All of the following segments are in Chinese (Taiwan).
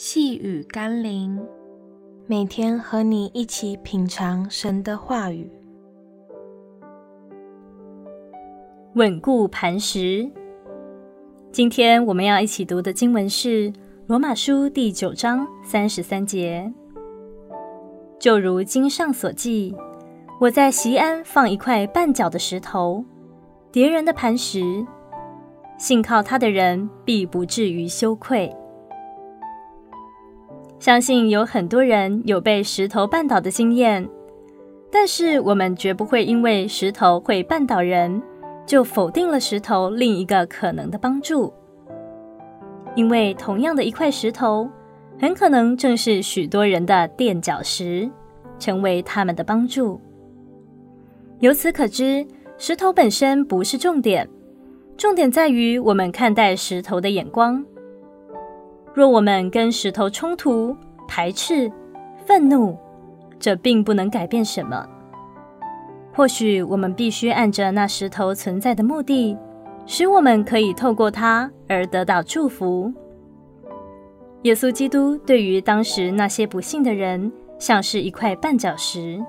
細語甘霖，每天和你一起品嘗神的話語。穩固磐石。今天我們要一起讀的經文是《羅馬書》第九章三十三節。就如經上所記，我在錫安放一塊絆腳的石頭，跌人的磐石，信靠他的人必不至於羞愧。相信有很多人有被石頭絆倒的經驗，但是我們絕不會因為石頭會絆倒人，就否定了石頭另一個可能的幫助。因為同樣的一塊石頭，很可能正是許多人的墊腳石，成為他們的幫助。由此可知，石頭本身不是重點，重點在於我們看待石頭的眼光。若我們跟石頭衝突、排斥、憤怒，這並不能改變什麼。或許我們必須按着那石頭存在的目的，使我們可以透過它而得到祝福。耶穌基督對於當時那些不信的人，像是一塊絆腳石。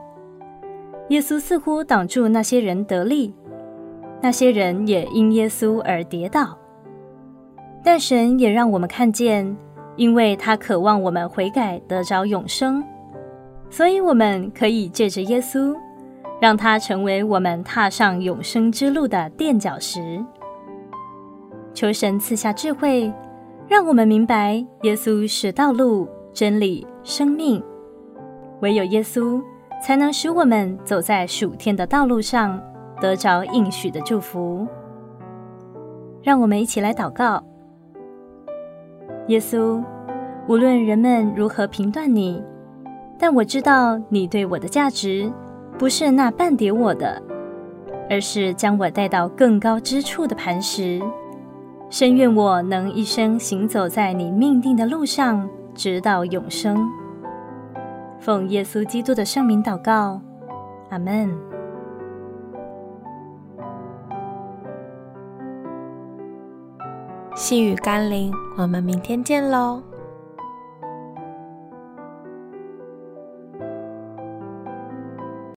耶穌似乎擋住那些人得利，那些人也因耶穌而跌倒。但神也讓我們看見，因為他渴望我們悔改得着永生，所以我們可以借着耶穌，讓他成為我們踏上永生之路的墊腳石。求神賜下智慧，讓我們明白耶穌是道路、真理、生命，唯有耶穌才能使我們走在屬天的道路上，得着應許的祝福。讓我們一起來禱告。耶穌，無論人們如何評斷你，但我知道你對我的價值，不是那絆跌我的，而是將我帶到更高之處的磐石。深願我能一生行走在你命定的路上，直到永生。奉耶穌基督的聖名禱告，阿門。細語甘霖，我們明天見嘍。